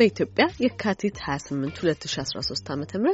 በኢትዮጵያ የካቲት 28 2013 ዓ ም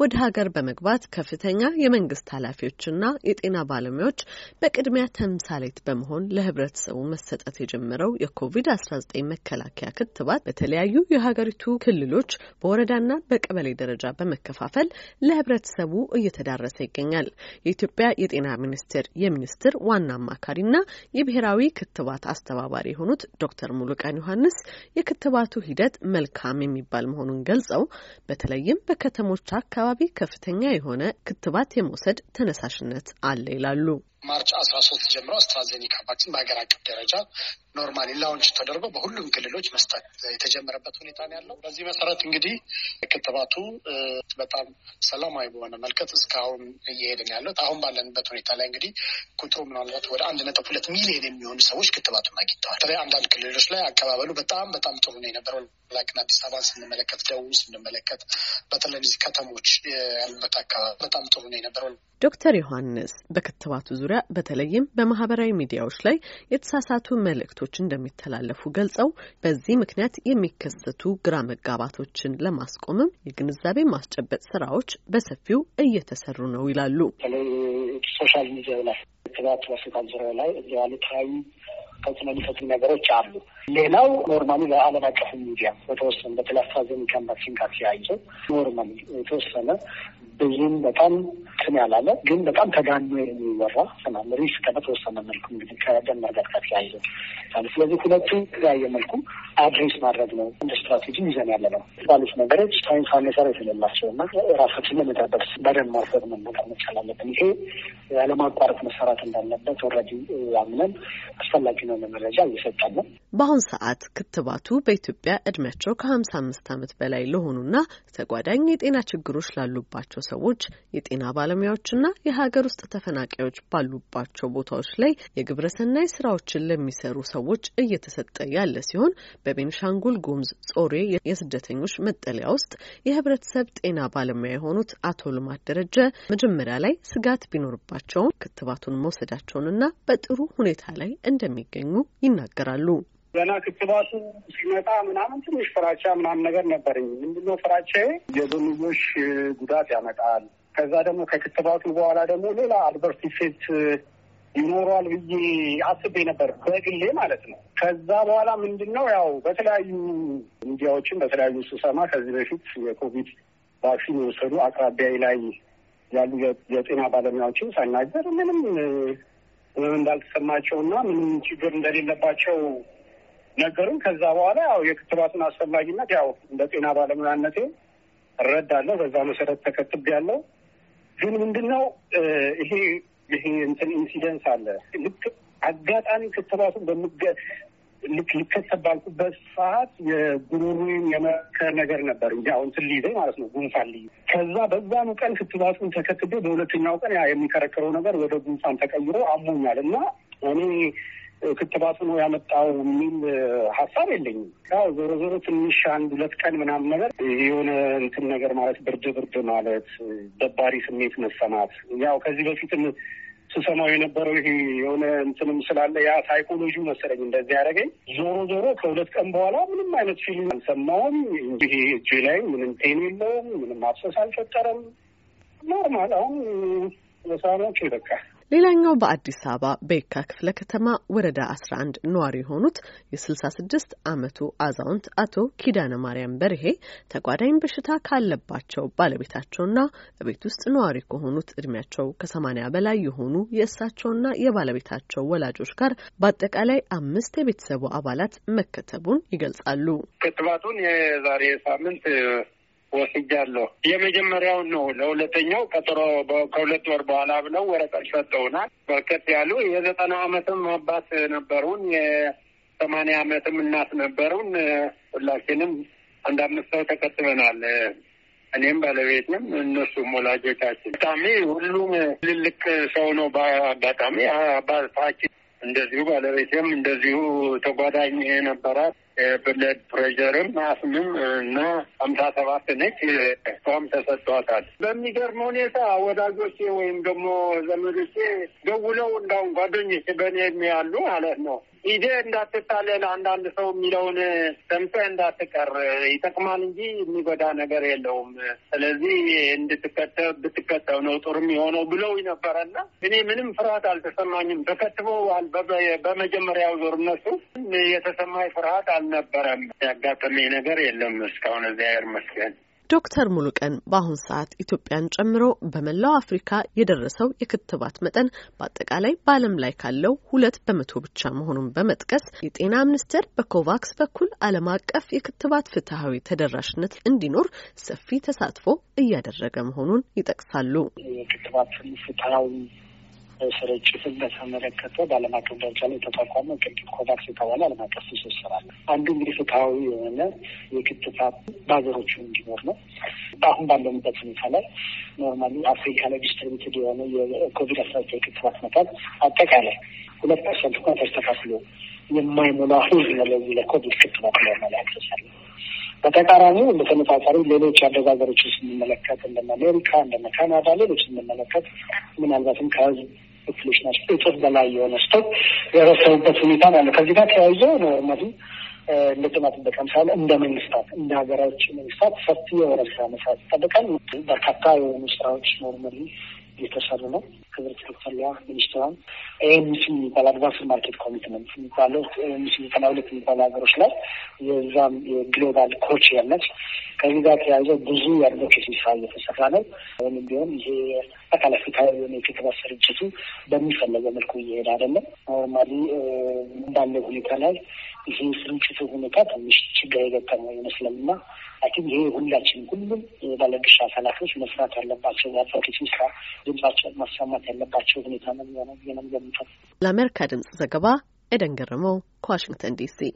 ወደ ሀገር በመግባት ከፍተኛ የመንግስት ኃላፊዎችና የጤና ባለሙያዎች በቅድሚያ ተምሳሌት በመሆን ለህብረተሰቡ መሰጠት የጀመረው የኮቪድ-19 መከላከያ ክትባት በተለያዩ የሀገሪቱ ክልሎች በወረዳና በቀበሌ ደረጃ በመከፋፈል ለህብረተሰቡ እየተዳረሰ ይገኛል። የኢትዮጵያ የጤና ሚኒስቴር የሚኒስትር ዋና አማካሪና የብሔራዊ ክትባት አስተባባሪ የሆኑት ዶክተር ሙሉቀን ዮሐንስ የክትባቱ ሂደት መልካም የሚባል መሆኑን ገልጸው በተለይም በከተሞች አካባቢ ከፍተኛ የሆነ ክትባት የመውሰድ ተነሳሽነት አለ ይላሉ። ማርች አስራ ሶስት ጀምሮ አስትራዜኒካ ቫክሲን በሀገር አቀፍ ደረጃ ኖርማሊ ላውንች ተደርጎ በሁሉም ክልሎች መስጠት የተጀመረበት ሁኔታ ነው ያለው። በዚህ መሰረት እንግዲህ ክትባቱ በጣም ሰላማዊ በሆነ መልከት እስካሁን ነው ያለት አሁን ባለንበት ሁኔታ ላይ እንግዲህ ቁጥሩ ምናልባት ወደ አንድ ነጥብ ሁለት ሚሊዮን የሚሆኑ ሰዎች ክትባቱን አግኝተዋል። በተለይ አንዳንድ ክልሎች ላይ አቀባበሉ በጣም በጣም ጥሩ ነው የነበረው። ላይክ አዲስ አበባን ስንመለከት፣ ደቡብ ስንመለከት፣ በተለይ ከተሞች ያሉበት አካባቢ በጣም ጥሩ ነው የነበረው። ዶክተር ዮሐንስ በክትባቱ ዙሪያ በተለይም በማህበራዊ ሚዲያዎች ላይ የተሳሳቱ መልእክቶች እንደሚተላለፉ ገልጸው በዚህ ምክንያት የሚከሰቱ ግራ መጋባቶችን ለማስቆምም የግንዛቤ ማስጨበጥ ስራዎች በሰፊው እየተሰሩ ነው ይላሉ። ሶሻል ሚዲያ ላይ ክትባት በሽታን ዙሪያ ላይ ያሉታዊ ተጽዕኖ የሚፈጥሩ ነገሮች አሉ። ሌላው ኖርማሊ ለዓለም አቀፍ ሚዲያ በተወሰነ በተለይ አስትራዜኒካን ቫክሲን ጋር ሲያይዘው ኖርማሊ የተወሰነ ብዙም በጣም እንትን ያላለ ግን በጣም ተጋኖ የሚወራ ስናል ሪስክ በተወሰነ መልኩ እንግዲህ ከደም እርጋት ጋር ተያይዞ ስለዚህ ሁለቱ ተለያየ መልኩ አድሬስ ማድረግ ነው እንደ ስትራቴጂ ይዘን ያለ ነው ባሉት ነገሮች ሳይንስ መሰረት የሌላቸው እና ራሳችን መጠበቅ በደንብ ማርፈት መመቀር መቻል አለብን። ይሄ ያለማቋረጥ መሰራት እንዳለበት ወረዲ አምነን አስፈላጊ ነው መረጃ እየሰጣል ነው። በአሁን ሰዓት ክትባቱ በኢትዮጵያ እድሜያቸው ከሀምሳ አምስት አመት በላይ ለሆኑና ተጓዳኝ የጤና ችግሮች ላሉባቸው ሰዎች የጤና ባለ ባለሙያዎችና የሀገር ውስጥ ተፈናቃዮች ባሉባቸው ቦታዎች ላይ የግብረሰናይ ስራዎችን ለሚሰሩ ሰዎች እየተሰጠ ያለ ሲሆን በቤንሻንጉል ጎምዝ ጾሬ የስደተኞች መጠለያ ውስጥ የህብረተሰብ ጤና ባለሙያ የሆኑት አቶ ልማት ደረጀ መጀመሪያ ላይ ስጋት ቢኖርባቸውም ክትባቱን መውሰዳቸውንና በጥሩ ሁኔታ ላይ እንደሚገኙ ይናገራሉ። ገና ክትባቱ ሲመጣ ምናምን ትንሽ ፍራቻ ምናምን ነገር ነበረኝ። ምንድነው ፍራቻዬ? የጎንዮሽ ጉዳት ያመጣል ከዛ ደግሞ ከክትባቱ በኋላ ደግሞ ሌላ አድቨርስ ኢፌክት ይኖሯል ብዬ አስቤ ነበር በግሌ ማለት ነው። ከዛ በኋላ ምንድን ነው ያው በተለያዩ ሚዲያዎችን በተለያዩ ስሰማ ከዚህ በፊት የኮቪድ ቫክሲን የወሰዱ አቅራቢያ ላይ ያሉ የጤና ባለሙያዎችን ሳናገር ምንም እንዳልተሰማቸው እና ምንም ችግር እንደሌለባቸው ነገሩን። ከዛ በኋላ ያው የክትባቱን አስፈላጊነት ያው እንደ ጤና ባለሙያነቴ እረዳለሁ። በዛ መሰረት ያለው ግን ምንድን ነው ይሄ ይሄ እንትን ኢንሲደንስ አለ ልክ አጋጣሚ ክትባቱ በምገ ልክ ልከተብ ባልኩበት ሰዓት የጉሮሮዬን የመከር ነገር ነበር እንጂ አሁን ስልይዘኝ ማለት ነው ጉንፋን ልይ ከዛ በዛኑ ቀን ክትባቱን ተከትቤ በሁለተኛው ቀን ያ የሚከረከረው ነገር ወደ ጉንፋን ተቀይሮ አሞኛል እና እኔ ክትባቱ ነው ያመጣው የሚል ሀሳብ የለኝም። ያው ዞሮ ዞሮ ትንሽ አንድ ሁለት ቀን ምናምን ነገር የሆነ እንትን ነገር ማለት ብርድ ብርድ ማለት ደባሪ ስሜት መሰማት ያው ከዚህ በፊትም ስሰማው የነበረው ይሄ የሆነ እንትንም ስላለ ያ ሳይኮሎጂ መሰለኝ እንደዚህ ያደረገኝ። ዞሮ ዞሮ ከሁለት ቀን በኋላ ምንም አይነት ፊልም አልሰማውም። እንዲህ እጅ ላይ ምንም ቴን የለውም፣ ምንም አብሰስ አልፈጠረም። ኖርማል አሁን ለሳኖች ይበቃል። ሌላኛው በአዲስ አበባ በየካ ክፍለ ከተማ ወረዳ 11 ነዋሪ የሆኑት የ66 ዓመቱ አዛውንት አቶ ኪዳነ ማርያም በርሄ ተጓዳኝ በሽታ ካለባቸው ባለቤታቸውና ቤት ውስጥ ነዋሪ ከሆኑት እድሜያቸው ከ80 በላይ የሆኑ የእሳቸውና የባለቤታቸው ወላጆች ጋር በአጠቃላይ አምስት የቤተሰቡ አባላት መከተቡን ይገልጻሉ። ክትባቱን የዛሬ ሳምንት ወስጃለሁ። የመጀመሪያውን ነው። ለሁለተኛው ቀጠሮ ከሁለት ወር በኋላ ብለው ወረቀት ሰጠውናል። በርከት ያሉ የዘጠና አመትም አባት ነበሩን፣ የሰማንያ አመትም እናት ነበሩን። ሁላችንም አንድ አምስት ሰው ተቀጥበናል። እኔም ባለቤትም እነሱም ወላጆቻችን። አጋጣሚ ሁሉም ትልልቅ ሰው ነው። በአጋጣሚ አባታችን እንደዚሁ ባለቤትም እንደዚሁ ተጓዳኝ ነበራት። ብለድ ፕሬዠርም አስምም እና ሀምሳ ሰባት ነች። እሷም ተሰጥቷታል። በሚገርም ሁኔታ ወዳጆቼ ወይም ደግሞ ዘመዶቼ ደውለው እንዳሁን ጓደኞቼ በእኔ ያሉ ማለት ነው ሂደ እንዳትታለን አንዳንድ ሰው የሚለውን ሰምተህ እንዳትቀር ይጠቅማል እንጂ የሚጎዳ ነገር የለውም። ስለዚህ እንድትከተብ ብትከተብ ነው ጥሩ የሚሆነው ብለው ነበረና እኔ ምንም ፍርሃት አልተሰማኝም። ተከትበዋል። በመጀመሪያው ዞር እነሱ የተሰማኝ ፍርሃት አልነበረም። ያጋጠመኝ ነገር የለም እስካሁን እግዚአብሔር ይመስገን። ዶክተር ሙሉቀን በአሁን ሰዓት ኢትዮጵያን ጨምሮ በመላው አፍሪካ የደረሰው የክትባት መጠን በአጠቃላይ በዓለም ላይ ካለው ሁለት በመቶ ብቻ መሆኑን በመጥቀስ የጤና ሚኒስቴር በኮቫክስ በኩል ዓለም አቀፍ የክትባት ፍትሐዊ ተደራሽነት እንዲኖር ሰፊ ተሳትፎ እያደረገ መሆኑን ይጠቅሳሉ። የክትባት ፍትሐዊ ስርጭትን በተመለከተ በዓለም አቀፍ ደረጃ ላይ የተቋቋመ ቅድም ኮቫክስ የተባለ ዓለም አቀፍ ትስስር አለ። አንዱ እንግዲህ ፍትሐዊ የሆነ የክትባት በሀገሮቹ እንዲኖር ነው። አሁን ባለንበት ሁኔታ ላይ ኖርማሊ አፍሪካ ላይ ዲስትሪቢትድ የሆነ የኮቪድ አስራ ዘጠኝ የክትባት መጠን አጠቃላይ ሁለት ፐርሰንት እንኳን ተስተካክሎ የማይሞላ ህዝብ ነው ለዚህ ለኮቪድ ክትባት ኖርማሊ ያደርሳል። በተቃራኒው በተመሳሳሪ ሌሎች ያደጉ ሀገሮችን ስንመለከት እንደ አሜሪካ እንደ ካናዳ ሌሎች ስንመለከት ምናልባትም ከህዝብ ክፍሎች ናቸው። እጥፍ በላይ የሆነ ስቶክ የረሰቡበት ሁኔታ ነው ያለው። ከዚህ ጋር ተያይዞ ኖርማሊ እንደ ጥናት በቀምሳል እንደ መንግስታት እንደ ሀገራዎች መንግስታት ሰፊ የሆነ ስራ መስራት ይጠበቃል። በርካታ የሆኑ ስራዎች ኖርማሊ እየተሰሩ ነው። ክብርት ተፈላ ሚኒስትሯን ኤምሲ የሚባል አድቫንስ ማርኬት ኮሚትመንት የሚባለው ኤምሲ ዘጠና ሁለት የሚባሉ ሀገሮች ላይ የዛም የግሎባል ኮች ያለች ከዚህ ጋር ተያይዘው ብዙ የአድቮኬሲ ስራ እየተሰራ ነው። ወይም ቢሆን ይሄ አካል አፍሪካዊ የሆነ የክትባት ስርጅቱ በሚፈለገው መልኩ እየሄደ አይደለም። ኖርማሊ እንዳለ ሁኔታ ላይ ይሄ ስርጭቱ ሁኔታ ትንሽ ችግር የገጠመው ይመስላልና አይ ቲንክ ይሄ ሁላችን ሁሉም የባለድርሻ አካላቶች መስራት ያለባቸው የአድቮኬሲ ስራ ድምጻቸውን ማሰማት ያለባቸው ሁኔታ ነው የሚሆነው ነው የምንፈ ለአሜሪካ ድምጽ ዘገባ ኤደን ገረመው ከዋሽንግተን ዲሲ